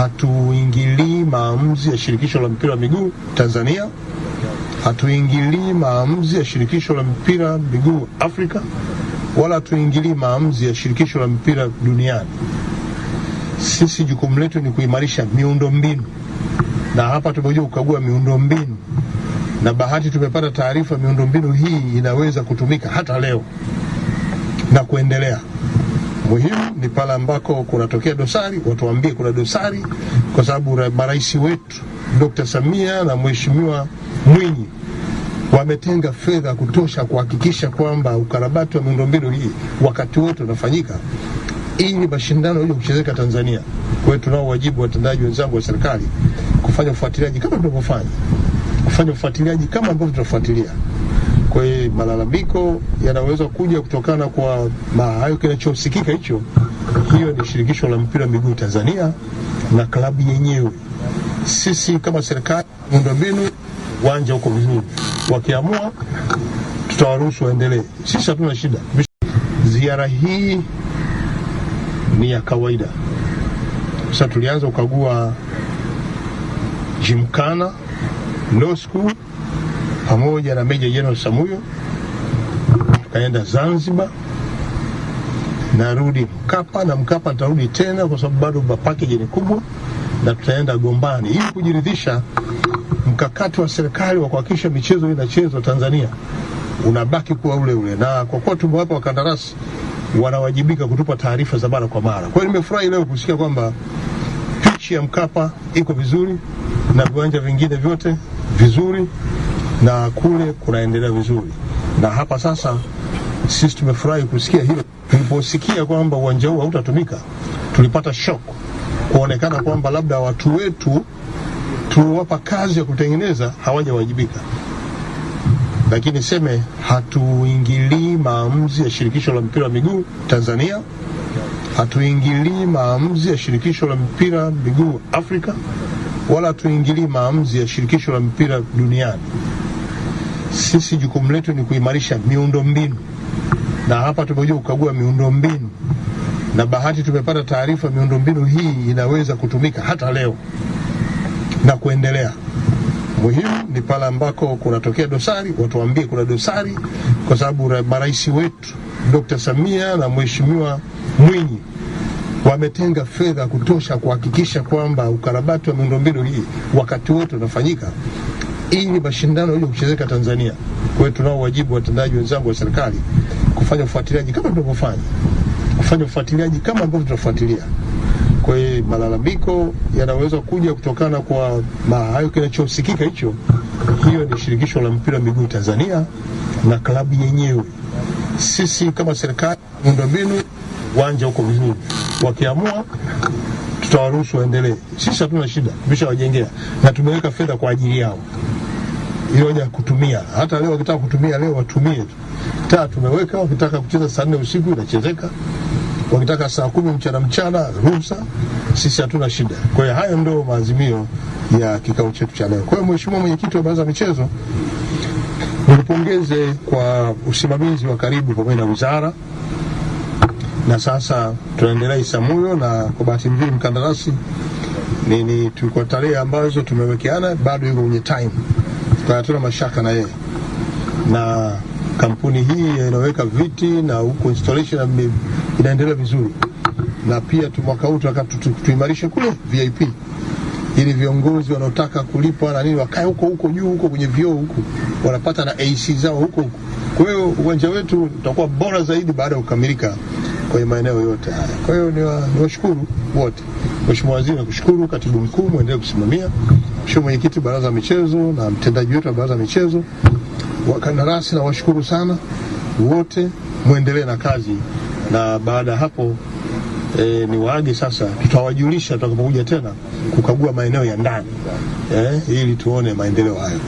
Hatuingilii maamuzi ya shirikisho la mpira wa miguu Tanzania, hatuingilii maamuzi ya shirikisho la mpira wa miguu Afrika, wala hatuingilii maamuzi ya shirikisho la mpira duniani. Sisi jukumu letu ni kuimarisha miundombinu, na hapa tumekuja kukagua miundombinu, na bahati tumepata taarifa miundombinu hii inaweza kutumika hata leo na kuendelea. Muhimu ni pale ambako kunatokea dosari, watuambie kuna dosari, kwa sababu marais wetu Dr. Samia na Mheshimiwa Mwinyi wametenga fedha kutosha kuhakikisha kwamba ukarabati wa miundombinu hii wakati wote unafanyika. Hii ni mashindano ili kuchezeka Tanzania. Kwa hiyo tunao wajibu, watendaji wenzangu wa serikali, kufanya ufuatiliaji kama tunavyofanya, kufanya ufuatiliaji kama ambavyo tunafuatilia kwa hiyo malalamiko yanaweza kuja kutokana kwa hayo, kinachosikika hicho, hiyo ni shirikisho la mpira wa miguu Tanzania na klabu yenyewe. Sisi kama serikali, miundombinu, uwanja uko vizuri, wakiamua tutawaruhusu waendelee, sisi hatuna shida. Ziara hii ni ya kawaida. Sasa tulianza kukagua jimkana low school pamoja na Meja Jenerali Samuyo, tukaenda Zanzibar, narudi Mkapa na Mkapa nitarudi tena, kwa sababu bado package ni kubwa, na tutaenda Gombani ili kujiridhisha mkakati wa serikali wa kuhakikisha michezo inachezwa Tanzania unabaki kuwa ule ule, na kwa kuwa tumewapa wakandarasi wanawajibika kutupa taarifa za mara kwa mara. Kwa hiyo nimefurahi leo kusikia kwamba pichi ya Mkapa iko vizuri na viwanja vingine vyote vizuri na kule kunaendelea vizuri, na hapa sasa sisi tumefurahi kusikia hilo. Tuliposikia kwamba uwanja huu hautatumika, tulipata shock, kuonekana kwamba labda watu wetu tuliowapa kazi ya kutengeneza hawajawajibika. Lakini seme hatuingilii maamuzi ya shirikisho la mpira wa miguu Tanzania, hatuingilii maamuzi ya shirikisho la mpira miguu Afrika, wala hatuingilii maamuzi ya shirikisho la mpira duniani. Sisi jukumu letu ni kuimarisha miundombinu, na hapa tumekuja kukagua miundombinu, na bahati tumepata taarifa miundombinu hii inaweza kutumika hata leo na kuendelea. Muhimu ni pale ambako kunatokea dosari, watuambie kuna dosari, kwa sababu marais wetu Dr. Samia na Mheshimiwa Mwinyi wametenga fedha kutosha kuhakikisha kwamba ukarabati wa miundombinu hii wakati wote unafanyika ili mashindano yaje kuchezeka Tanzania. Kwa hiyo tunao wajibu watendaji wenzangu wa serikali kufanya ufuatiliaji kama tunavyofanya, kufanya ufuatiliaji kama ambavyo tunafuatilia. Kwa hiyo malalamiko yanaweza kuja kutokana kwa hayo, kinachosikika hicho, hiyo ni shirikisho la mpira wa miguu Tanzania na klabu yenyewe. Sisi kama serikali, miundombinu, uwanja uko vizuri, wakiamua tutawaruhusu waendelee. Sisi hatuna shida, tumeshawajengea na tumeweka fedha kwa ajili yao ile hoja ya kutumia. Hata leo wakitaka kutumia leo watumie tu. Taa tumeweka, wakitaka kucheza saa nne usiku inachezeka, wakitaka saa kumi mchana mchana ruhusa, sisi hatuna shida. Kwa hiyo hayo ndio maazimio ya kikao chetu cha leo. Kwa hiyo Mheshimiwa Mwenyekiti wa Baraza la Michezo, nipongeze kwa usimamizi wa karibu pamoja na wizara na sasa tunaendelea Isamuyo, na kwa bahati nzuri mkandarasi nini, tulikuwa tarehe ambazo tumewekeana bado yuko kwenye time tunatuna mashaka na yeye na kampuni hii inaweka viti na huko installation inaendelea vizuri, na pia mwaka huu tunataka tuimarishe kule VIP ili viongozi wanaotaka kulipa na nini wakae huko huko juu huko kwenye vioo huko, wanapata na AC zao huko huko. Kwa hiyo uwanja wetu utakuwa bora zaidi baada ya kukamilika kwenye maeneo yote haya. Kwa hiyo niwashukuru wote. Mheshimiwa Waziri, nakushukuru. Katibu Mkuu, mwendelee kusimamia. Mheshimiwa Mwenyekiti Baraza la Michezo na mtendaji wetu wa Baraza la Michezo, wakandarasi, nawashukuru sana wote, mwendelee na kazi, na baada ya hapo E, ni waage sasa, tutawajulisha tutakapokuja tena kukagua maeneo ya ndani e, ili tuone maendeleo hayo.